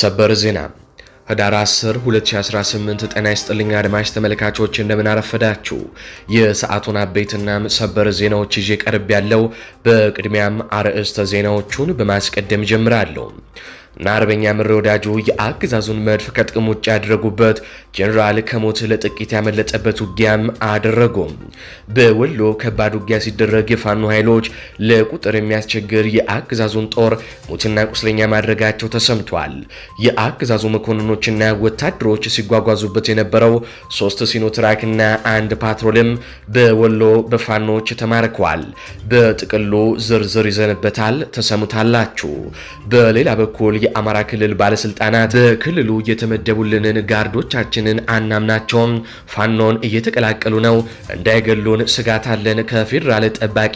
ሰበር ዜና ህዳር 10 2018። ጤና ይስጥልኝ አድማጭ ተመልካቾች እንደምን አረፈዳችሁ። የሰዓቱን አበይትና ሰበር ዜናዎች ይዤ ቀርብ ያለው። በቅድሚያም አርዕስተ ዜናዎቹን በማስቀደም ጀምራለሁ። እና አርበኛ ምሬ ወዳጁ የአገዛዙን መድፍ ከጥቅም ውጭ ያደረጉበት ጀኔራል ከሞት ለጥቂት ያመለጠበት ውጊያም አደረጉም። በወሎ ከባድ ውጊያ ሲደረግ የፋኖ ኃይሎች ለቁጥር የሚያስቸግር የአገዛዙን ጦር ሙትና ቁስለኛ ማድረጋቸው ተሰምቷል። የአገዛዙ መኮንኖችና ወታደሮች ሲጓጓዙበት የነበረው ሶስት ሲኖትራክና አንድ ፓትሮልም በወሎ በፋኖች ተማርከዋል። በጥቅሉ ዝርዝር ይዘንበታል፣ ተሰሙታላችሁ። በሌላ በኩል የአማራ ክልል ባለስልጣናት በክልሉ የተመደቡልንን ጋርዶቻችንን አናምናቸውም፣ ፋኖን እየተቀላቀሉ ነው፣ እንዳይገሉን ስጋት አለን፣ ከፌዴራል ጠባቂ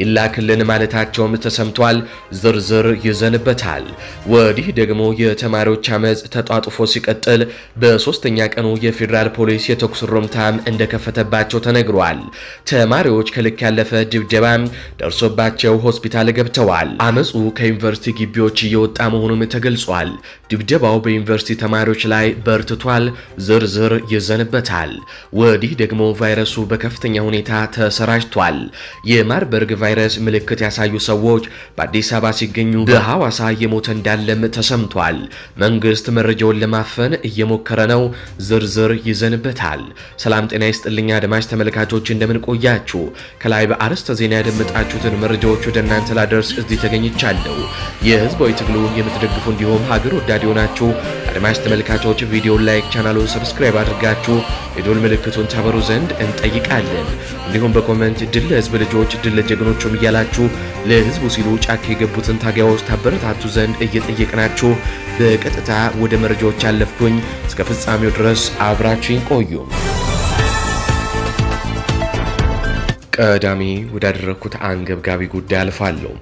ይላክልን ማለታቸውም ተሰምቷል። ዝርዝር ይዘንበታል። ወዲህ ደግሞ የተማሪዎች አመፅ ተጧጡፎ ሲቀጥል በሶስተኛ ቀኑ የፌዴራል ፖሊስ የተኩስ ሩምታም እንደከፈተባቸው ተነግሯል። ተማሪዎች ከልክ ያለፈ ድብደባም ደርሶባቸው ሆስፒታል ገብተዋል። አመፁ ከዩኒቨርሲቲ ግቢዎች እየወጣ መሆኑም ተገልጿል። ድብደባው በዩኒቨርሲቲ ተማሪዎች ላይ በርትቷል። ዝርዝር ይዘንበታል። ወዲህ ደግሞ ቫይረሱ በከፍተኛ ሁኔታ ተሰራጭቷል። የማርበርግ ቫይረስ ምልክት ያሳዩ ሰዎች በአዲስ አበባ ሲገኙ በሐዋሳ እየሞተ እንዳለም ተሰምቷል። መንግስት መረጃውን ለማፈን እየሞከረ ነው። ዝርዝር ይዘንበታል። ሰላም ጤና ይስጥልኛ አድማጭ ተመልካቾች እንደምን ቆያችሁ? ከላይ በአርዕስተ ዜና ያደመጣችሁትን መረጃዎች ወደ እናንተ ላደርስ እዚህ ተገኝቻለሁ። የህዝባዊ ትግሉ የምትደ የምትደግፉ እንዲሁም ሀገር ወዳድ የሆናችሁ አድማጭ ተመልካቾች ቪዲዮን ላይክ፣ ቻናሉን ሰብስክራይብ አድርጋችሁ የዶል ምልክቱን ታበሩ ዘንድ እንጠይቃለን። እንዲሁም በኮመንት ድል ለህዝብ ልጆች፣ ድል ለጀግኖቹም እያላችሁ ለህዝቡ ሲሉ ጫካ የገቡትን ታጋዮች ታበረታቱ ዘንድ እየጠየቅናችሁ በቀጥታ ወደ መረጃዎች ያለፍኩኝ እስከ ፍጻሜው ድረስ አብራችሁን ቆዩ። ቀዳሚ ወዳደረኩት አንገብጋቢ ጉዳይ አልፋለሁ።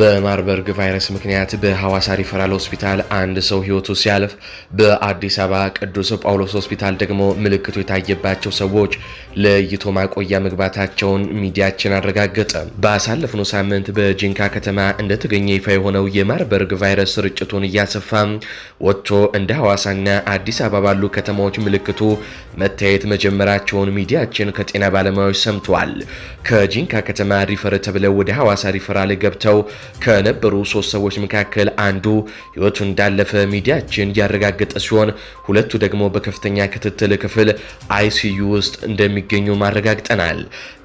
በማርበርግ ቫይረስ ምክንያት በሐዋሳ ሪፈራል ሆስፒታል አንድ ሰው ህይወቱ ሲያልፍ በአዲስ አበባ ቅዱስ ጳውሎስ ሆስፒታል ደግሞ ምልክቱ የታየባቸው ሰዎች ለይቶ ማቆያ መግባታቸውን ሚዲያችን አረጋገጠ። ባሳለፍነው ሳምንት በጂንካ ከተማ እንደተገኘ ይፋ የሆነው የማርበርግ ቫይረስ ስርጭቱን እያሰፋ ወጥቶ እንደ ሐዋሳና አዲስ አበባ ባሉ ከተማዎች ምልክቱ መታየት መጀመራቸውን ሚዲያችን ከጤና ባለሙያዎች ሰምተዋል። ከጂንካ ከተማ ሪፈር ተብለው ወደ ሐዋሳ ሪፈራል ገብተው ከነበሩ ሶስት ሰዎች መካከል አንዱ ህይወቱ እንዳለፈ ሚዲያችን ያረጋገጠ ሲሆን ሁለቱ ደግሞ በከፍተኛ ክትትል ክፍል አይሲዩ ውስጥ እንደሚገኙ ማረጋግጠናል።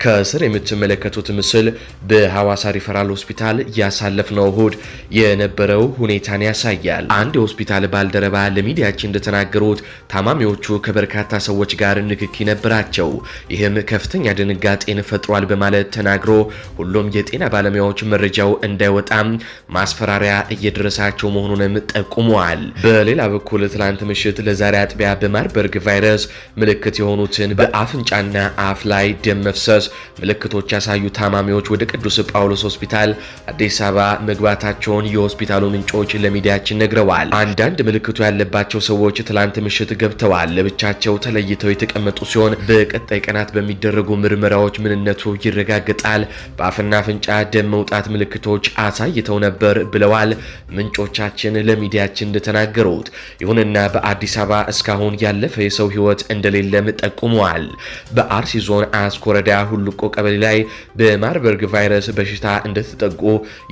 ከስር የምትመለከቱት ምስል በሐዋሳ ሪፈራል ሆስፒታል ያሳለፍነው እሁድ የነበረው ሁኔታን ያሳያል። አንድ የሆስፒታል ባልደረባ ለሚዲያችን እንደተናገሩት ታማሚዎቹ ከበርካታ ሰዎች ጋር ንክኪ ነበራቸው። ይህም ከፍተኛ ድንጋጤን ፈጥሯል በማለት ተናግሮ ሁሉም የጤና ባለሙያዎች መረጃው እንዳይ እንዳይወጣም ማስፈራሪያ እየደረሳቸው መሆኑንም ጠቁመዋል። በሌላ በኩል ትላንት ምሽት ለዛሬ አጥቢያ በማርበርግ ቫይረስ ምልክት የሆኑትን በአፍንጫና አፍ ላይ ደም መፍሰስ ምልክቶች ያሳዩ ታማሚዎች ወደ ቅዱስ ጳውሎስ ሆስፒታል አዲስ አበባ መግባታቸውን የሆስፒታሉ ምንጮች ለሚዲያችን ነግረዋል። አንዳንድ ምልክቱ ያለባቸው ሰዎች ትላንት ምሽት ገብተዋል። ለብቻቸው ተለይተው የተቀመጡ ሲሆን በቀጣይ ቀናት በሚደረጉ ምርመራዎች ምንነቱ ይረጋገጣል። በአፍና አፍንጫ ደም መውጣት ምልክቶች አሳይተው ነበር ብለዋል ምንጮቻችን ለሚዲያችን እንደተናገሩት። ይሁንና በአዲስ አበባ እስካሁን ያለፈ የሰው ህይወት እንደሌለም ጠቁመዋል። በአርሲ ዞን አስኮረዳ ሁሉቆ ቀበሌ ላይ በማርበርግ ቫይረስ በሽታ እንደተጠቁ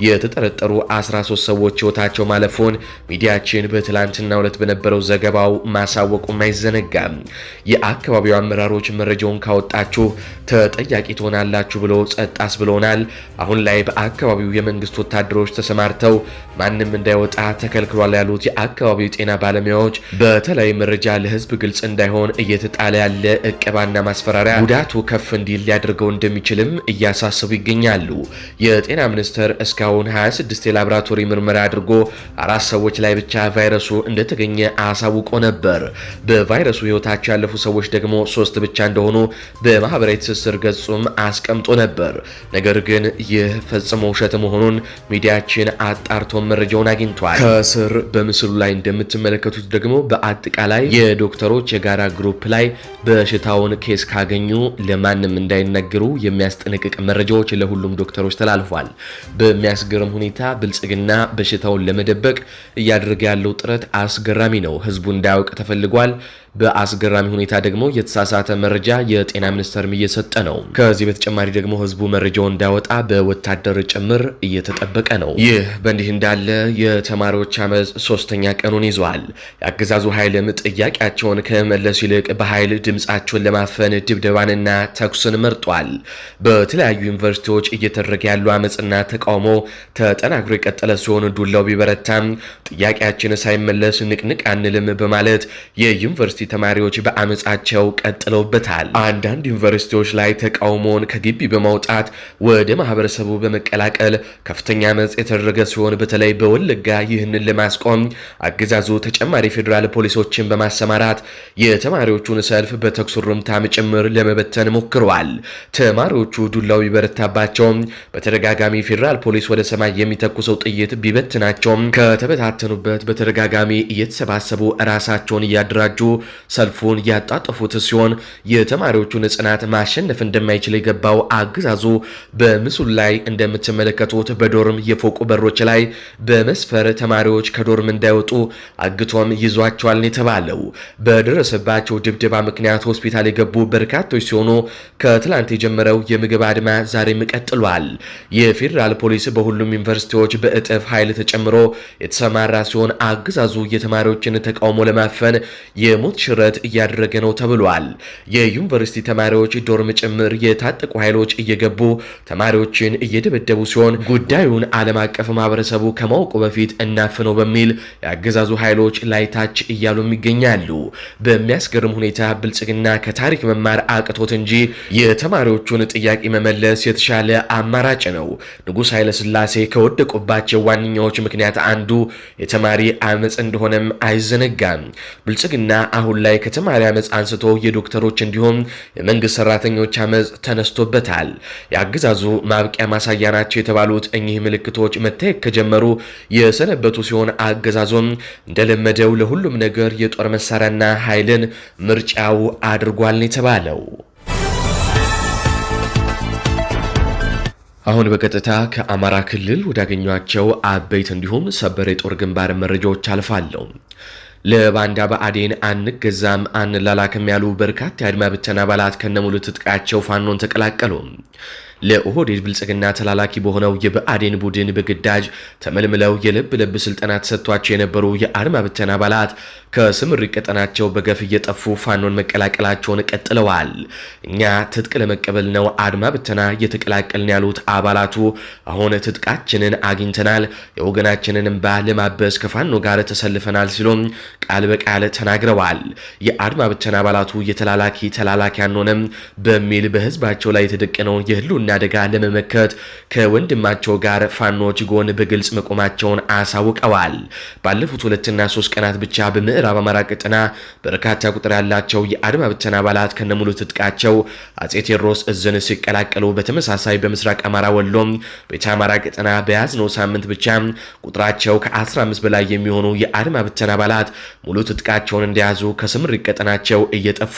የተጠረጠሩ 13 ሰዎች ህይወታቸው ማለፉን ሚዲያችን በትላንትናው ዕለት በነበረው ዘገባው ማሳወቁም አይዘነጋም። የአካባቢው አመራሮች መረጃውን ካወጣችሁ ተጠያቂ ትሆናላችሁ ብሎ ጸጥ አስብሎናል። አሁን ላይ በአካባቢው የመንግስት መንግስት ወታደሮች ተሰማርተው ማንም እንዳይወጣ ተከልክሏል ያሉት የአካባቢው ጤና ባለሙያዎች በተለይ መረጃ ለህዝብ ግልጽ እንዳይሆን እየተጣለ ያለ እቀባና ማስፈራሪያ ጉዳቱ ከፍ እንዲል ሊያደርገው እንደሚችልም እያሳሰቡ ይገኛሉ። የጤና ሚኒስቴር እስካሁን 26 የላቦራቶሪ ምርመራ አድርጎ አራት ሰዎች ላይ ብቻ ቫይረሱ እንደተገኘ አሳውቆ ነበር። በቫይረሱ ህይወታቸው ያለፉ ሰዎች ደግሞ ሶስት ብቻ እንደሆኑ በማህበራዊ ትስስር ገጹም አስቀምጦ ነበር። ነገር ግን ይህ ፈጽሞ ውሸት መሆኑን ሚዲያችን አጣርቶ መረጃውን አግኝቷል። ከስር በምስሉ ላይ እንደምትመለከቱት ደግሞ በአጠቃላይ የዶክተሮች የጋራ ግሩፕ ላይ በሽታውን ኬስ ካገኙ ለማንም እንዳይነግሩ የሚያስጠነቅቅ መረጃዎች ለሁሉም ዶክተሮች ተላልፏል። በሚያስገርም ሁኔታ ብልጽግና በሽታውን ለመደበቅ እያደረገ ያለው ጥረት አስገራሚ ነው። ህዝቡ እንዳያውቅ ተፈልጓል። በአስገራሚ ሁኔታ ደግሞ የተሳሳተ መረጃ የጤና ሚኒስቴርም እየሰጠ ነው። ከዚህ በተጨማሪ ደግሞ ህዝቡ መረጃው እንዳይወጣ በወታደር ጭምር እየተጠበቀ ነው። ይህ በእንዲህ እንዳለ የተማሪዎች አመፅ ሶስተኛ ቀኑን ይዟል። የአገዛዙ ኃይልም ጥያቄያቸውን ከመለስ ይልቅ በኃይል ድምፃቸውን ለማፈን ድብደባንና ተኩስን መርጧል። በተለያዩ ዩኒቨርሲቲዎች እየተደረገ ያሉ አመፅና ተቃውሞ ተጠናክሮ የቀጠለ ሲሆን ዱላው ቢበረታም ጥያቄያችን ሳይመለስ ንቅንቅ አንልም በማለት የዩኒቨርሲቲ ዩኒቨርሲቲ ተማሪዎች በአመፃቸው ቀጥለውበታል። አንዳንድ ዩኒቨርሲቲዎች ላይ ተቃውሞውን ከግቢ በማውጣት ወደ ማህበረሰቡ በመቀላቀል ከፍተኛ አመፅ የተደረገ ሲሆን በተለይ በወለጋ ይህንን ለማስቆም አገዛዙ ተጨማሪ ፌዴራል ፖሊሶችን በማሰማራት የተማሪዎቹን ሰልፍ በተኩስ ርምታም ጭምር ለመበተን ሞክረዋል። ተማሪዎቹ ዱላው ቢበረታባቸው በተደጋጋሚ ፌዴራል ፖሊስ ወደ ሰማይ የሚተኩሰው ጥይት ቢበትናቸው ከተበታተኑበት በተደጋጋሚ እየተሰባሰቡ ራሳቸውን እያደራጁ ሰልፉን ያጣጠፉት ሲሆን የተማሪዎቹን ጽናት ማሸነፍ እንደማይችል የገባው አገዛዙ በምስሉ ላይ እንደምትመለከቱት በዶርም የፎቁ በሮች ላይ በመስፈር ተማሪዎች ከዶርም እንዳይወጡ አግቶም ይዟቸዋል የተባለው በደረሰባቸው ድብደባ ምክንያት ሆስፒታል የገቡ በርካቶች ሲሆኑ ከትላንት የጀመረው የምግብ አድማ ዛሬም ቀጥሏል። የፌዴራል ፖሊስ በሁሉም ዩኒቨርሲቲዎች በእጥፍ ኃይል ተጨምሮ የተሰማራ ሲሆን አገዛዙ የተማሪዎችን ተቃውሞ ለማፈን የሞት ሽረት እያደረገ ነው ተብሏል። የዩኒቨርሲቲ ተማሪዎች ዶርም ጭምር የታጠቁ ኃይሎች እየገቡ ተማሪዎችን እየደበደቡ ሲሆን ጉዳዩን ዓለም አቀፍ ማህበረሰቡ ከማወቁ በፊት እናፍነው በሚል የአገዛዙ ኃይሎች ላይታች እያሉም ይገኛሉ። በሚያስገርም ሁኔታ ብልጽግና ከታሪክ መማር አቅቶት እንጂ የተማሪዎቹን ጥያቄ መመለስ የተሻለ አማራጭ ነው። ንጉሥ ኃይለስላሴ ከወደቁባቸው ዋነኛዎች ምክንያት አንዱ የተማሪ አመፅ እንደሆነም አይዘነጋም። ብልጽግና አሁን አሁን ላይ ከተማሪ አመፅ አንስቶ የዶክተሮች እንዲሁም የመንግስት ሰራተኞች አመፅ ተነስቶበታል። የአገዛዙ ማብቂያ ማሳያ ናቸው የተባሉት እኚህ ምልክቶች መታየት ከጀመሩ የሰነበቱ ሲሆን አገዛዙም እንደለመደው ለሁሉም ነገር የጦር መሳሪያና ኃይልን ምርጫው አድርጓል ነው የተባለው። አሁን በቀጥታ ከአማራ ክልል ወዳገኟቸው አበይት እንዲሁም ሰበር የጦር ግንባር መረጃዎች አልፋለሁ። ለባንዳ በአዴን አንገዛም አንላላክም ያሉ በርካታ የአድማ ብተና አባላት ከነሙሉ ትጥቃቸው ፋኖን ተቀላቀሉ። ለኦህዴድ ብልጽግና ተላላኪ በሆነው የብአዴን ቡድን በግዳጅ ተመልምለው የልብ ልብ ስልጠና ተሰጥቷቸው የነበሩ የአድማ ብተን አባላት ከስምሪ ቀጠናቸው በገፍ እየጠፉ ፋኖን መቀላቀላቸውን ቀጥለዋል። እኛ ትጥቅ ለመቀበል ነው አድማ ብተና እየተቀላቀልን ያሉት አባላቱ አሁን ትጥቃችንን አግኝተናል፣ የወገናችንን እንባ ለማበስ ከፋኖ ጋር ተሰልፈናል ሲሉም ቃል በቃል ተናግረዋል። የአድማ ብተና አባላቱ የተላላኪ ተላላኪ አንሆነም በሚል በህዝባቸው ላይ የተደቀነውን የህሉና አደጋ ለመመከት ከወንድማቸው ጋር ፋኖች ጎን በግልጽ መቆማቸውን አሳውቀዋል። ባለፉት ሁለትና ሶስት ቀናት ብቻ በምዕራብ አማራ ቀጠና በርካታ ቁጥር ያላቸው የአድማ ብተና አባላት ከነሙሉ ትጥቃቸው አጼ ቴዎድሮስ እዝን ሲቀላቀሉ፣ በተመሳሳይ በምስራቅ አማራ ወሎም ቤተ አማራ ቀጠና በያዝነው ሳምንት ብቻ ቁጥራቸው ከ15 በላይ የሚሆኑ የአድማ ብተና አባላት ሙሉ ትጥቃቸውን እንደያዙ ከስምሪት ቀጠናቸው እየጠፉ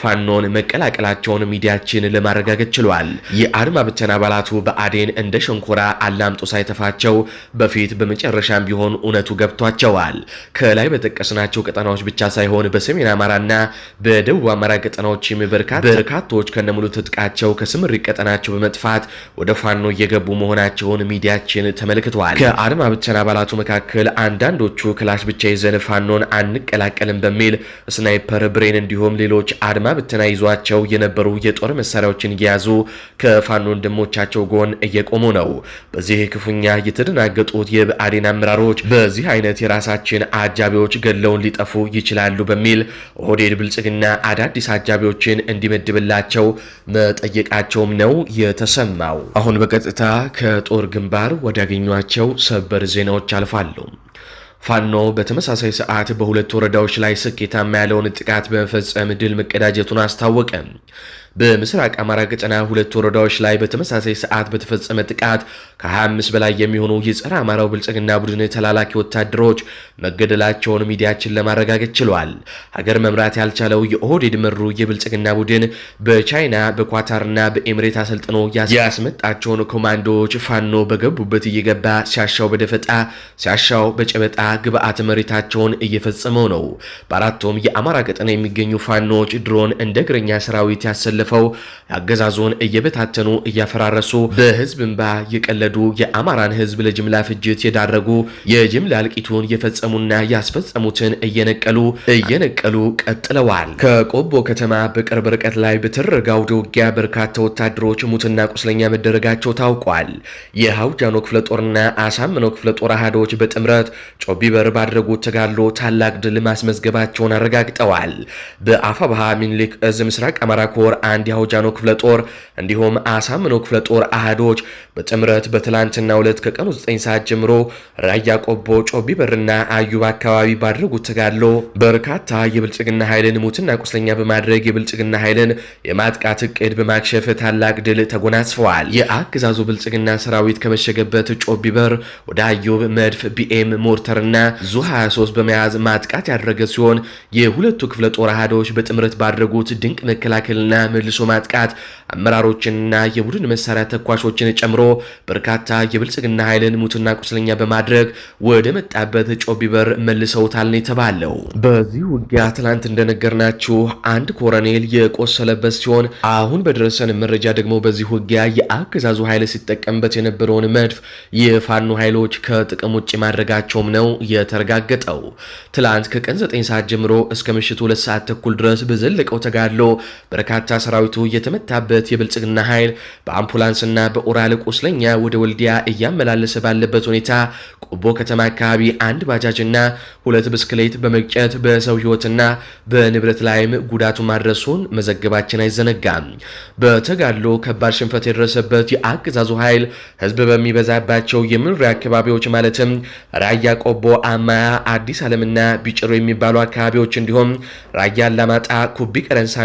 ፋኖን መቀላቀላቸውን ሚዲያችን ለማረጋገጥ ችሏል። የአድማ ብተና አባላቱ በአዴን እንደ ሸንኮራ አላምጦ ሳይተፋቸው በፊት በመጨረሻም ቢሆን እውነቱ ገብቷቸዋል። ከላይ በጠቀስናቸው ቀጠናዎች ብቻ ሳይሆን በሰሜን አማራና በደቡብ አማራ ቀጠናዎችም በርካቶች ከነሙሉ ትጥቃቸው ከስምሪ ቀጠናቸው በመጥፋት ወደ ፋኖ እየገቡ መሆናቸውን ሚዲያችን ተመልክቷል። ከአድማ ብተና አባላቱ መካከል አንዳንዶቹ ክላሽ ብቻ ይዘን ፋኖን አንቀላቀልም በሚል ስናይፐር ብሬን፣ እንዲሁም ሌሎች አድማ ብተና ይዟቸው የነበሩ የጦር መሳሪያዎችን እየያዙ ከፋ ከፋኖ ወንድሞቻቸው ጎን እየቆሙ ነው። በዚህ ክፉኛ የተደናገጡት የብአዴን አመራሮች በዚህ አይነት የራሳችን አጃቢዎች ገለውን ሊጠፉ ይችላሉ በሚል ኦህዴድ ብልጽግና አዳዲስ አጃቢዎችን እንዲመድብላቸው መጠየቃቸውም ነው የተሰማው። አሁን በቀጥታ ከጦር ግንባር ወዳገኟቸው ሰበር ዜናዎች አልፋሉ። ፋኖ በተመሳሳይ ሰዓት በሁለት ወረዳዎች ላይ ስኬታማ ያለውን ጥቃት በመፈጸም ድል መቀዳጀቱን አስታወቀ። በምስራቅ አማራ ቀጠና ሁለት ወረዳዎች ላይ በተመሳሳይ ሰዓት በተፈጸመ ጥቃት ከ25 በላይ የሚሆኑ የጸረ አማራው ብልጽግና ቡድን ተላላኪ ወታደሮች መገደላቸውን ሚዲያችን ለማረጋገጥ ችሏል። ሀገር መምራት ያልቻለው የኦህዴድ መሩ የብልጽግና ቡድን በቻይና በኳታርና በኤምሬት አሰልጥኖ ያስመጣቸውን ኮማንዶዎች ፋኖ በገቡበት እየገባ ሲያሻው በደፈጣ ሲያሻው በጨበጣ ግብአት መሬታቸውን እየፈጸመው ነው። በአራቱም የአማራ ቀጠና የሚገኙ ፋኖዎች ድሮን እንደ እግረኛ ሰራዊት ያሰለ አሳልፈው አገዛዙን እየበታተኑ እያፈራረሱ በህዝብ እንባ የቀለዱ የአማራን ህዝብ ለጅምላ ፍጅት የዳረጉ የጅምላ እልቂቱን የፈጸሙና ያስፈጸሙትን እየነቀሉ እየነቀሉ ቀጥለዋል። ከቆቦ ከተማ በቅርብ ርቀት ላይ በተደረገው አውደ ውጊያ በርካታ ወታደሮች ሙትና ቁስለኛ መደረጋቸው ታውቋል። የሀውጃኖ ክፍለ ጦርና አሳምኖ ክፍለ ጦር አህዶች በጥምረት ጮቢበር ባድረጉት ተጋድሎ ታላቅ ድል ማስመዝገባቸውን አረጋግጠዋል። በአፋባሃ ሚኒሊክ እዝ ምስራቅ አማራ ኮር አንድ የአውጃኖ ክፍለ ጦር እንዲሁም አሳምኖ ክፍለ ጦር አህዶች በጥምረት በትላንትና ሁለት ከቀኑ 9 ሰዓት ጀምሮ ራያ ቆቦ፣ ጮቢ በርና አዩብ አካባቢ ባድረጉት ተጋድሎ በርካታ የብልጽግና ኃይልን ሙትና ቁስለኛ በማድረግ የብልጽግና ኃይልን የማጥቃት እቅድ በማክሸፍ ታላቅ ድል ተጎናጽፈዋል። የአገዛዙ ብልጽግና ሰራዊት ከመሸገበት ጮቢ በር ወደ አዩብ መድፍ፣ ቢኤም ሞርተርና ዙ 23 በመያዝ ማጥቃት ያደረገ ሲሆን የሁለቱ ክፍለ ጦር አህዶች በጥምረት ባድረጉት ድንቅ መከላከልና መልሶ ማጥቃት አመራሮችንና የቡድን መሳሪያ ተኳሾችን ጨምሮ በርካታ የብልጽግና ኃይልን ሙትና ቁስለኛ በማድረግ ወደ መጣበት ጮቢ በር መልሰውታል ነው የተባለው። በዚህ ውጊያ ትናንት እንደነገርናችሁ አንድ ኮረኔል የቆሰለበት ሲሆን አሁን በደረሰን መረጃ ደግሞ በዚህ ውጊያ የአገዛዙ ኃይል ሲጠቀምበት የነበረውን መድፍ የፋኖ ኃይሎች ከጥቅም ውጭ ማድረጋቸውም ነው የተረጋገጠው። ትላንት ከቀን 9 ሰዓት ጀምሮ እስከ ምሽቱ 2 ሰዓት ተኩል ድረስ በዘለቀው ተጋድሎ በርካታ ሰራዊቱ የተመታበት የብልጽግና ኃይል በአምቡላንስና በኦራል ቁስለኛ ወደ ወልዲያ እያመላለሰ ባለበት ሁኔታ ቆቦ ከተማ አካባቢ አንድ ባጃጅና ሁለት ብስክሌት በመግጨት በሰው ህይወትና በንብረት ላይም ጉዳቱ ማድረሱን መዘገባችን አይዘነጋም። በተጋድሎ ከባድ ሽንፈት የደረሰበት የአገዛዙ ኃይል ህዝብ በሚበዛባቸው የመኖሪያ አካባቢዎች ማለትም ራያ ቆቦ፣ አማያ፣ አዲስ ዓለምና ቢጭሮ የሚባሉ አካባቢዎች እንዲሁም ራያ አላማጣ፣ ኩቢ ቀረንሳና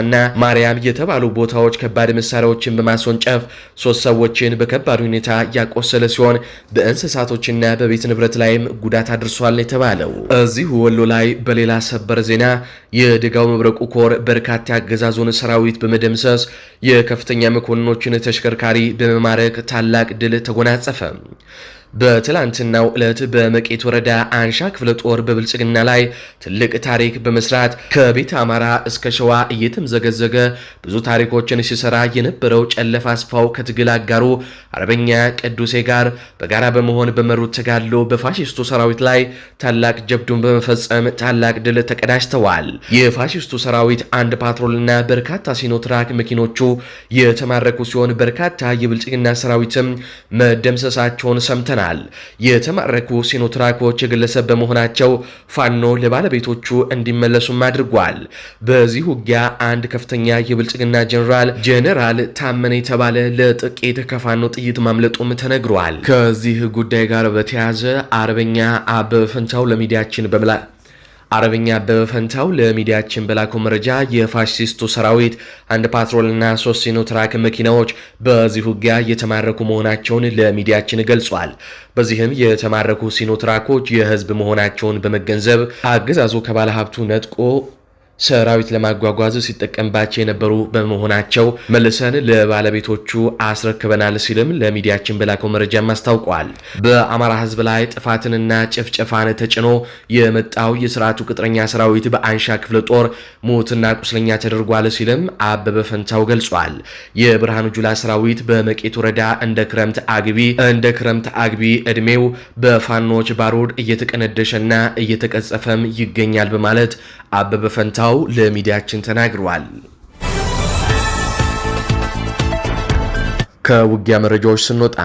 ማርያም የተባ በተባሉ ቦታዎች ከባድ መሳሪያዎችን በማስወንጨፍ ሶስት ሰዎችን በከባድ ሁኔታ ያቆሰለ ሲሆን በእንስሳቶችና በቤት ንብረት ላይም ጉዳት አድርሷል የተባለው። እዚሁ ወሎ ላይ በሌላ ሰበር ዜና የደጋው መብረቁ ኮር በርካታ ያገዛዙን ሰራዊት በመደምሰስ የከፍተኛ መኮንኖችን ተሽከርካሪ በመማረክ ታላቅ ድል ተጎናጸፈ። በትላንትናው ዕለት በመቄት ወረዳ አንሻ ክፍለ ጦር በብልጽግና ላይ ትልቅ ታሪክ በመስራት ከቤተ አማራ እስከ ሸዋ እየተምዘገዘገ ብዙ ታሪኮችን ሲሰራ የነበረው ጨለፋ አስፋው ከትግል አጋሩ አርበኛ ቅዱሴ ጋር በጋራ በመሆን በመሩት ተጋድሎ በፋሽስቱ ሰራዊት ላይ ታላቅ ጀብዱን በመፈጸም ታላቅ ድል ተቀዳጅተዋል። የፋሽስቱ ሰራዊት አንድ ፓትሮልና በርካታ ሲኖትራክ መኪኖቹ የተማረኩ ሲሆን በርካታ የብልጽግና ሰራዊትም መደምሰሳቸውን ሰምተናል። ተመልክተናል። የተማረኩ ሲኖትራኮች የግለሰብ በመሆናቸው ፋኖ ለባለቤቶቹ እንዲመለሱም አድርጓል። በዚህ ውጊያ አንድ ከፍተኛ የብልጽግና ጀኔራል ጀኔራል ታመነ የተባለ ለጥቂት ከፋኖ ጥይት ማምለጡም ተነግሯል። ከዚህ ጉዳይ ጋር በተያያዘ አርበኛ አበበ ፈንታው ለሚዲያችን በመላ አርበኛ አበበ ፈንታው ለሚዲያችን በላከው መረጃ የፋሽስቱ ሰራዊት አንድ ፓትሮልና ሶስት ሲኖትራክ መኪናዎች በዚህ ውጊያ የተማረኩ መሆናቸውን ለሚዲያችን ገልጿል። በዚህም የተማረኩ ሲኖትራኮች የህዝብ መሆናቸውን በመገንዘብ አገዛዙ ከባለሀብቱ ነጥቆ ሰራዊት ለማጓጓዝ ሲጠቀምባቸው የነበሩ በመሆናቸው መልሰን ለባለቤቶቹ አስረክበናል ሲልም ለሚዲያችን በላከው መረጃም አስታውቋል። በአማራ ህዝብ ላይ ጥፋትንና ጭፍጨፋን ተጭኖ የመጣው የስርዓቱ ቅጥረኛ ሰራዊት በአንሻ ክፍለ ጦር ሞትና ቁስለኛ ተደርጓል ሲልም አበበ ፈንታው ገልጿል። የብርሃኑ ጁላ ሰራዊት በመቄት ወረዳ እንደ ክረምት አግቢ እንደ ክረምት አግቢ እድሜው በፋኖች ባሩድ እየተቀነደሸና እየተቀጸፈም ይገኛል በማለት አበበ ፈንታው በቦታው ለሚዲያችን ተናግሯል። ከውጊያ መረጃዎች ስንወጣ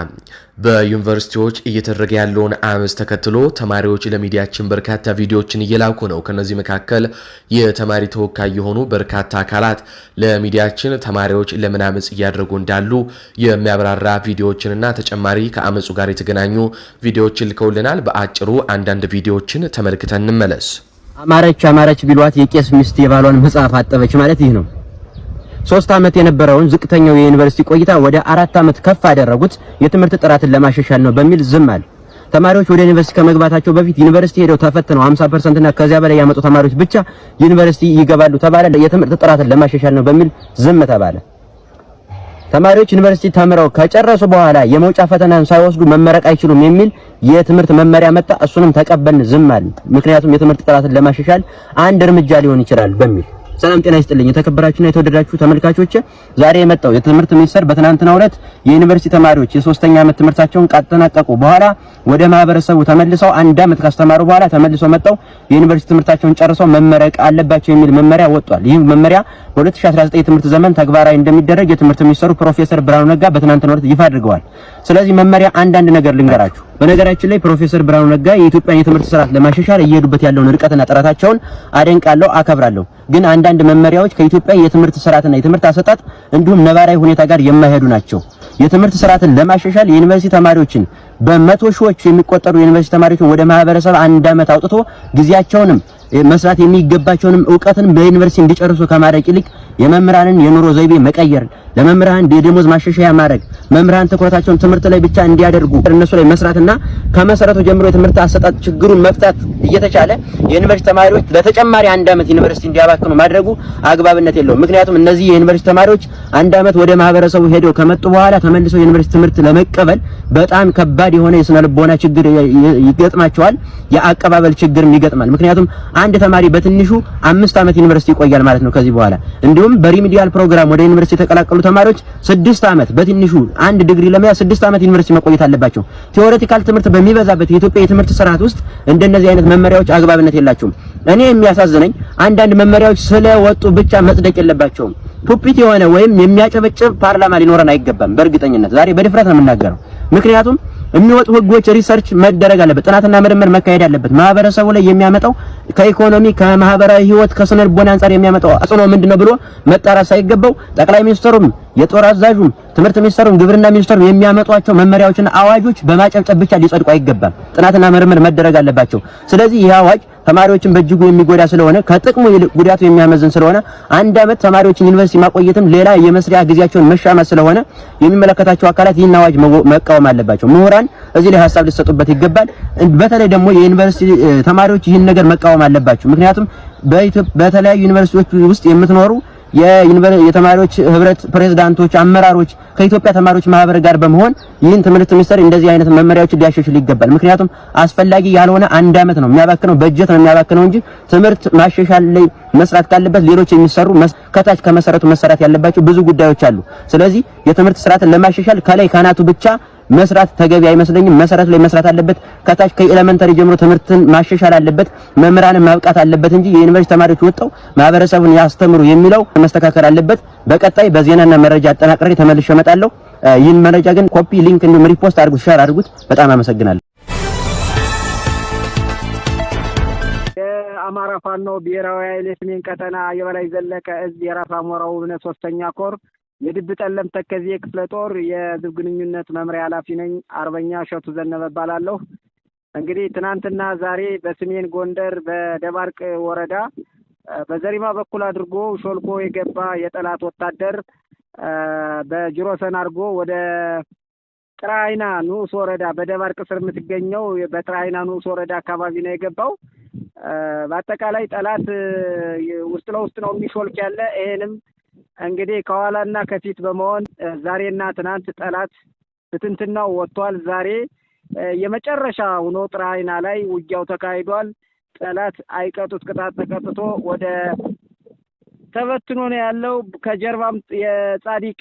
በዩኒቨርሲቲዎች እየተደረገ ያለውን አመፅ ተከትሎ ተማሪዎች ለሚዲያችን በርካታ ቪዲዮዎችን እየላኩ ነው። ከነዚህ መካከል የተማሪ ተወካይ የሆኑ በርካታ አካላት ለሚዲያችን ተማሪዎች ለምን አመፅ እያደረጉ እንዳሉ የሚያብራራ ቪዲዮዎችንና ተጨማሪ ከአመፁ ጋር የተገናኙ ቪዲዮዎችን ልከውልናል። በአጭሩ አንዳንድ ቪዲዮዎችን ተመልክተን እንመለስ። አማረች አማረች ቢሏት የቄስ ሚስት የባሏን መጽሐፍ አጠበች ማለት ይህ ነው። ሶስት ዓመት የነበረውን ዝቅተኛው የዩኒቨርሲቲ ቆይታ ወደ አራት ዓመት ከፍ አደረጉት። የትምህርት ጥራትን ለማሻሻል ነው በሚል ዝም አለ። ተማሪዎች ወደ ዩኒቨርሲቲ ከመግባታቸው በፊት ዩኒቨርሲቲ ሄደው ተፈትነው 50% እና ከዚያ በላይ ያመጡ ተማሪዎች ብቻ ዩኒቨርሲቲ ይገባሉ ተባለ። የትምህርት ጥራትን ለማሻሻል ነው በሚል ዝም ተባለ። ተማሪዎች ዩኒቨርሲቲ ተምረው ከጨረሱ በኋላ የመውጫ ፈተናን ሳይወስዱ መመረቅ አይችሉም የሚል የትምህርት መመሪያ መጣ። እሱንም ተቀበልን፣ ዝም አለ። ምክንያቱም የትምህርት ጥራትን ለማሻሻል አንድ እርምጃ ሊሆን ይችላል በሚል። ሰላም ጤና ይስጥልኝ የተከበራችሁና የተወደዳችሁ ተመልካቾች፣ ዛሬ የመጣው የትምህርት ሚኒስቴር በትናንትናው ዕለት የዩኒቨርሲቲ ተማሪዎች የሶስተኛ ዓመት ትምህርታቸውን ካጠናቀቁ በኋላ ወደ ማህበረሰቡ ተመልሰው አንድ ዓመት ካስተማሩ በኋላ ተመልሰው መጣው የዩኒቨርሲቲ ትምህርታቸውን ጨርሰው መመረቅ አለባቸው የሚል መመሪያ ወጥቷል። ይህ መመሪያ በ2019 የትምህርት ዘመን ተግባራዊ እንደሚደረግ የትምህርት ሚኒስትሩ ፕሮፌሰር ብርሃኑ ነጋ በትናንትናው ዕለት ይፋ አድርገዋል። ስለዚህ መመሪያ አንዳንድ ነገር ልንገራችሁ። በነገራችን ላይ ፕሮፌሰር ብርሃኑ ነጋ የኢትዮጵያን የትምህርት ስርዓት ለማሻሻል እየሄዱበት ያለውን ርቀትና ጥረታቸውን አደንቃለሁ፣ አከብራለሁ። ግን አንዳንድ መመሪያዎች ከኢትዮጵያ የትምህርት ስርዓትና የትምህርት አሰጣጥ እንዲሁም ነባራዊ ሁኔታ ጋር የማይሄዱ ናቸው። የትምህርት ስርዓትን ለማሻሻል የዩኒቨርሲቲ ተማሪዎችን በመቶ ሺዎች የሚቆጠሩ ዩኒቨርሲቲ ተማሪዎችን ወደ ማህበረሰብ አንድ ዓመት አውጥቶ ጊዜያቸውንም መስራት የሚገባቸውንም እውቀትን በዩኒቨርሲቲ እንዲጨርሱ ከማድረግ ይልቅ የመምህራንን የኑሮ ዘይቤ መቀየር ለመምህራን የደሞዝ ማሻሻያ ማድረግ መምህራን ትኩረታቸውን ትምህርት ላይ ብቻ እንዲያደርጉ እነሱ ላይ መስራትና ከመሰረቱ ጀምሮ የትምህርት አሰጣጥ ችግሩን መፍታት እየተቻለ የዩኒቨርሲቲ ተማሪዎች ለተጨማሪ አንድ ዓመት ዩኒቨርሲቲ እንዲያባክኑ ማድረጉ አግባብነት የለውም። ምክንያቱም እነዚህ የዩኒቨርሲቲ ተማሪዎች አንድ ዓመት ወደ ማህበረሰቡ ሄደው ከመጡ በኋላ ተመልሰው የዩኒቨርሲቲ ትምህርት ለመቀበል በጣም ከባድ የሆነ የስነ ልቦና ችግር ይገጥማቸዋል። የአቀባበል ችግርም ይገጥማል። ምክንያቱም አንድ ተማሪ በትንሹ አምስት ዓመት ዩኒቨርሲቲ ይቆያል ማለት ነው ከዚህ በኋላ እንዲሁም በሪሚዲያል ፕሮግራም ወደ ዩኒቨርሲቲ የተቀላቀሉ ተማሪዎች ስድስት ዓመት በትንሹ አንድ ዲግሪ ለመያዝ ስድስት ዓመት ዩኒቨርሲቲ መቆየት አለባቸው። ቴዎሬቲካል ትምህርት በሚበዛበት የኢትዮጵያ የትምህርት ስርዓት ውስጥ እንደነዚህ አይነት መመሪያዎች አግባብነት የላቸውም። እኔ የሚያሳዝነኝ አንዳንድ መመሪያዎች ስለወጡ ብቻ መጽደቅ የለባቸውም። ፑፒት የሆነ ወይም የሚያጨበጭብ ፓርላማ ሊኖረን አይገባም። በእርግጠኝነት ዛሬ በድፍረት ነው የምናገረው ምክንያቱም የሚወጡ ህጎች ሪሰርች መደረግ አለበት፣ ጥናትና ምርምር መካሄድ አለበት። ማህበረሰቡ ላይ የሚያመጣው ከኢኮኖሚ ከማህበራዊ ህይወት ከስነ ልቦና አንጻር የሚያመጣው አጽኖ ምንድነው ብሎ መጣራት ሳይገባው ጠቅላይ ሚኒስትሩም የጦር አዛዡም ትምህርት ሚኒስትሩም ግብርና ሚኒስትሩም የሚያመጧቸው መመሪያዎችና አዋጆች በማጨብጨብ ብቻ ሊጸድቁ አይገባም። ጥናትና ምርምር መደረግ አለባቸው። ስለዚህ ይህ አዋጅ ተማሪዎችን በእጅጉ የሚጎዳ ስለሆነ ከጥቅሙ ይልቅ ጉዳቱ የሚያመዝን ስለሆነ አንድ ዓመት ተማሪዎችን ዩኒቨርሲቲ ማቆየትም ሌላ የመስሪያ ጊዜያቸውን መሻማት ስለሆነ የሚመለከታቸው አካላት ይህን አዋጅ መቃወም አለባቸው። ምሁራን እዚህ ላይ ሀሳብ ሊሰጡበት ይገባል። በተለይ ደግሞ የዩኒቨርሲቲ ተማሪዎች ይህን ነገር መቃወም አለባቸው። ምክንያቱም በተለያዩ ዩኒቨርሲቲዎች ውስጥ የምትኖሩ የተማሪዎች ህብረት ፕሬዝዳንቶች፣ አመራሮች ከኢትዮጵያ ተማሪዎች ማህበር ጋር በመሆን ይህን ትምህርት ሚኒስቴር እንደዚህ አይነት መመሪያዎች ሊያሻሽል ይገባል። ምክንያቱም አስፈላጊ ያልሆነ አንድ አመት ነው የሚያባክነው፣ በጀት ነው የሚያባክነው እንጂ ትምህርት ማሻሻል ላይ መስራት ካለበት ሌሎች የሚሰሩ ከታች ከመሰረቱ መሰራት ያለባቸው ብዙ ጉዳዮች አሉ። ስለዚህ የትምህርት ስርዓትን ለማሻሻል ከላይ ካናቱ ብቻ መስራት ተገቢ አይመስለኝም። መሰረቱ ላይ መስራት አለበት። ከታች ከኤሌመንተሪ ጀምሮ ትምህርትን ማሻሻል አለበት። መምህራንን ማብቃት አለበት እንጂ የዩኒቨርሲቲ ተማሪዎች ወጥተው ማህበረሰቡን ያስተምሩ የሚለው መስተካከል አለበት። በቀጣይ በዜናና መረጃ አጠናቅሬ ተመልሼ እመጣለሁ። ይህን መረጃ ግን ኮፒ ሊንክ፣ እንዲሁም ሪፖስት አድርጉት፣ ሼር አድርጉት። በጣም አመሰግናለሁ። የአማራ ፋኖ ብሔራዊ ኃይል የሰሜን ቀጠና የበላይ ዘለቀ እዝ የራስ አሞራው እምነት ሶስተኛ ኮር የድብ ጠለም ተከዜ ክፍለ ጦር የህዝብ ግንኙነት መምሪያ ኃላፊ ነኝ። አርበኛ እሸቱ ዘነበ እባላለሁ። እንግዲህ ትናንትና ዛሬ በሰሜን ጎንደር በደባርቅ ወረዳ በዘሪማ በኩል አድርጎ ሾልኮ የገባ የጠላት ወታደር በጅሮሰን አድርጎ ወደ ጥራይና ንዑስ ወረዳ በደባርቅ ስር የምትገኘው በጥራይና ንዑስ ወረዳ አካባቢ ነው የገባው። በአጠቃላይ ጠላት ውስጥ ለውስጥ ነው የሚሾልክ ያለ። ይሄንም እንግዲህ ከኋላና ከፊት በመሆን ዛሬና ትናንት ጠላት ብትንትናው ወጥቷል። ዛሬ የመጨረሻ ሆኖ ጥራይና ላይ ውጊያው ተካሂዷል። ጠላት አይቀጡት ቅጣት ተቀጥቶ ወደ ተበትኖ ነው ያለው። ከጀርባም የጻዲቅ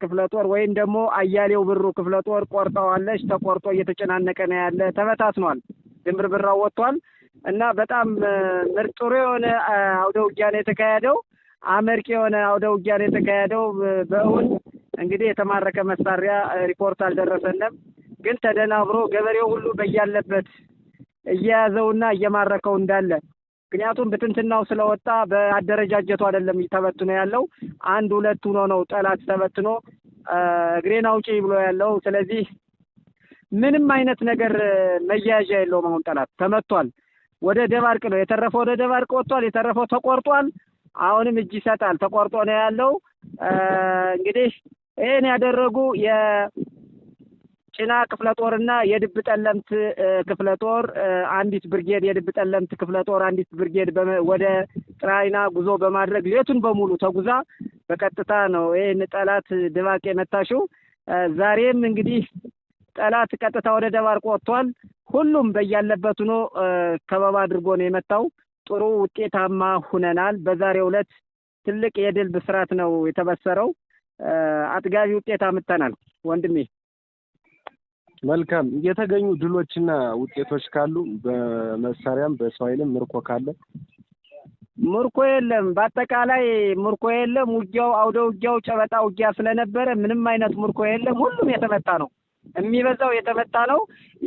ክፍለ ጦር ወይም ደግሞ አያሌው ብሩ ክፍለ ጦር ቆርጠዋለች። ተቆርጦ እየተጨናነቀ ነው ያለ። ተበታትኗል። ድንብርብራው ወጥቷል እና በጣም ምርጥ የሆነ አውደ ውጊያ ነው የተካሄደው። አመርቂ የሆነ አውደ ውጊያ ነው የተካሄደው። በእውን እንግዲህ የተማረከ መሳሪያ ሪፖርት አልደረሰንም፣ ግን ተደናብሮ ገበሬው ሁሉ በያለበት እየያዘውና እየማረከው እንዳለ ምክንያቱም ብትንትናው ስለወጣ በአደረጃጀቱ አይደለም ተበትኖ ያለው አንድ ሁለት ሆኖ ነው ጠላት ተበትኖ እግሬን አውጪ ብሎ ያለው። ስለዚህ ምንም አይነት ነገር መያያዣ የለውም። አሁን ጠላት ተመቷል። ወደ ደባርቅ ነው የተረፈው። ወደ ደባርቅ ወጥቷል። የተረፈው ተቆርጧል። አሁንም እጅ ይሰጣል። ተቆርጦ ነው ያለው። እንግዲህ ይህን ያደረጉ የጭና ክፍለ ጦርና የድብ ጠለምት ክፍለ ጦር አንዲት ብርጌድ፣ የድብ ጠለምት ክፍለ ጦር አንዲት ብርጌድ ወደ ጥራይና ጉዞ በማድረግ ሌቱን በሙሉ ተጉዛ በቀጥታ ነው ይህን ጠላት ድባቅ የመታሽው። ዛሬም እንግዲህ ጠላት ቀጥታ ወደ ደባርቅ ወጥቷል። ሁሉም በያለበት ሆኖ ከበባ አድርጎ ነው የመታው። ጥሩ ውጤታማ ሁነናል። በዛሬው ዕለት ትልቅ የድል ብስራት ነው የተበሰረው። አጥጋቢ ውጤት አምጥተናል ወንድሜ። መልካም የተገኙ ድሎችና ውጤቶች ካሉ በመሳሪያም በሰው ኃይልም ምርኮ ካለ ምርኮ የለም። በአጠቃላይ ምርኮ የለም። ውጊያው አውደ ውጊያው ጨበጣ ውጊያ ስለነበረ ምንም አይነት ምርኮ የለም። ሁሉም የተመታ ነው። የሚበዛው የተመታ ነው።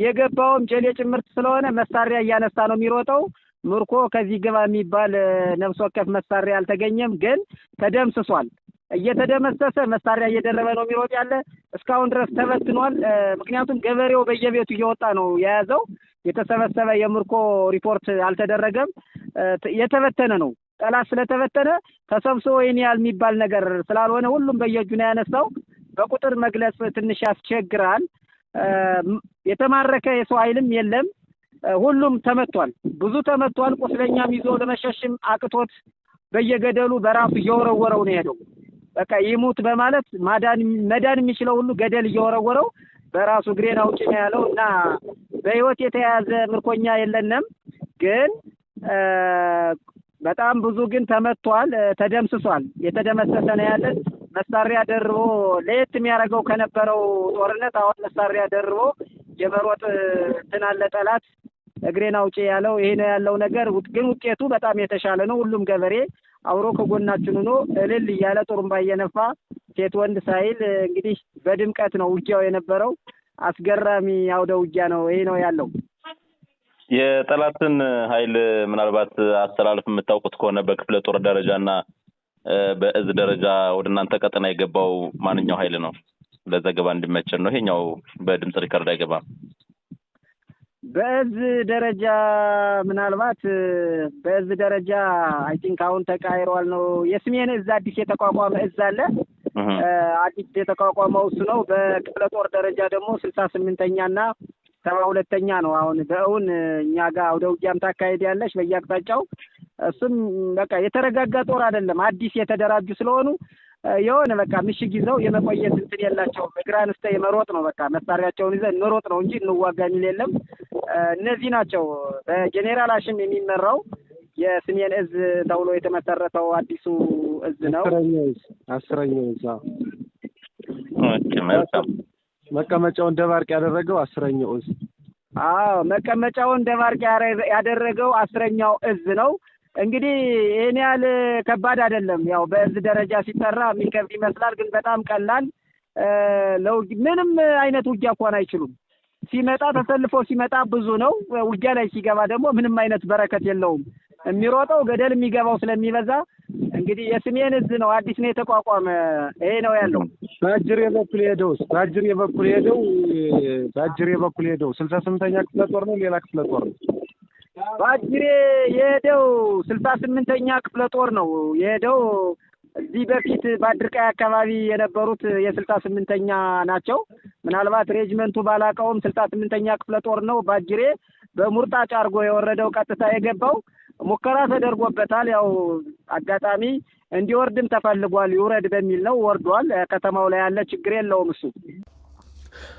የገባውም ጀሌ ጭምርት ስለሆነ መሳሪያ እያነሳ ነው የሚሮጠው። ምርኮ ከዚህ ግባ የሚባል ነፍስ ወከፍ መሳሪያ አልተገኘም፣ ግን ተደምስሷል። እየተደመሰሰ መሳሪያ እየደረበ ነው የሚሮጥ ያለ። እስካሁን ድረስ ተበትኗል። ምክንያቱም ገበሬው በየቤቱ እየወጣ ነው የያዘው። የተሰበሰበ የምርኮ ሪፖርት አልተደረገም። የተበተነ ነው። ጠላት ስለተበተነ ተሰብስቦ ይህን ያህል የሚባል ነገር ስላልሆነ ሁሉም በየእጁ ነው ያነሳው። በቁጥር መግለጽ ትንሽ ያስቸግራል። የተማረከ የሰው ኃይልም የለም። ሁሉም ተመቷል። ብዙ ተመቷል። ቁስለኛም ይዞ ለመሸሽም አቅቶት በየገደሉ በራሱ እየወረወረው ነው የሄደው። በቃ ይሙት በማለት ማዳን መዳን የሚችለው ሁሉ ገደል እየወረወረው በራሱ እግሬን አውጪ ነው ያለው እና በህይወት የተያያዘ ምርኮኛ የለንም፣ ግን በጣም ብዙ ግን ተመቷል፣ ተደምስሷል። የተደመሰሰ ነው ያለን መሳሪያ ደርቦ ለየት የሚያደርገው ከነበረው ጦርነት አሁን መሳሪያ ደርቦ የመሮጥ እንትን አለ ጠላት እግሬን አውጪ ያለው ይሄ ነው ያለው ነገር ግን ውጤቱ በጣም የተሻለ ነው። ሁሉም ገበሬ አብሮ ከጎናችን ሆኖ እልል እያለ ጡሩምባ እየነፋ ሴት ወንድ ሳይል እንግዲህ በድምቀት ነው ውጊያው የነበረው። አስገራሚ አውደ ውጊያ ነው። ይሄ ነው ያለው። የጠላትን ኃይል ምናልባት አሰላለፍ የምታውቁት ከሆነ በክፍለ ጦር ደረጃና በእዝ ደረጃ ወደ እናንተ ቀጠና የገባው ማንኛው ኃይል ነው? ለዘገባ እንዲመቸን ነው። ይሄኛው በድምፅ ሪከርድ አይገባም። በእዝ ደረጃ ምናልባት በእዝ ደረጃ አይ ቲንክ አሁን ተቃይሯል ነው የስሜን እዝ አዲስ የተቋቋመ እዝ አለ። አዲስ የተቋቋመው እሱ ነው። በክፍለ ጦር ደረጃ ደግሞ ስልሳ ስምንተኛ ና ሰባ ሁለተኛ ነው። አሁን በእውን እኛ ጋር አውደ ውጊያም ታካሄድ ያለች በየአቅጣጫው እሱም በቃ የተረጋጋ ጦር አይደለም። አዲስ የተደራጁ ስለሆኑ የሆነ በቃ ምሽግ ይዘው የመቆየት እንትን የላቸውም። እግር አንስተ የመሮጥ ነው በቃ መሳሪያቸውን ይዘ እንሮጥ ነው እንጂ እንዋጋ የሚል የለም። እነዚህ ናቸው። በጄኔራል አሽም የሚመራው የስሜን እዝ ተብሎ የተመሰረተው አዲሱ እዝ ነው። አስረኛ እዝ መቀመጫውን ደባርቅ ያደረገው አስረኛው እዝ አዎ፣ መቀመጫውን ደባርቅ ያደረገው አስረኛው እዝ ነው። እንግዲህ ይህን ያህል ከባድ አይደለም። ያው በእዝ ደረጃ ሲጠራ የሚከብድ ይመስላል፣ ግን በጣም ቀላል ምንም አይነት ውጊያ እኳን አይችሉም። ሲመጣ ተሰልፎ ሲመጣ ብዙ ነው። ውጊያ ላይ ሲገባ ደግሞ ምንም አይነት በረከት የለውም። የሚሮጠው ገደል የሚገባው ስለሚበዛ እንግዲህ የስሜን እዝ ነው። አዲስ ነው የተቋቋመ። ይሄ ነው ያለው። ታጅሬ በኩል ሄደው ታጅሬ በኩል ሄደው ታጅሬ በኩል ሄደው ስልሳ ስምንተኛ ክፍለ ጦር ነው። ሌላ ክፍለ ጦር ነው። በአጅሬ የሄደው ስልሳ ስምንተኛ ክፍለ ጦር ነው የሄደው። እዚህ በፊት በአድርቃይ አካባቢ የነበሩት የስልሳ ስምንተኛ ናቸው። ምናልባት ሬጅመንቱ ባላቀውም ስልሳ ስምንተኛ ክፍለ ጦር ነው። ባጅሬ በሙርጣጭ አድርጎ የወረደው ቀጥታ የገባው ሙከራ ተደርጎበታል። ያው አጋጣሚ እንዲወርድም ተፈልጓል። ይውረድ በሚል ነው ወርዷል። ከተማው ላይ ያለ ችግር የለውም እሱ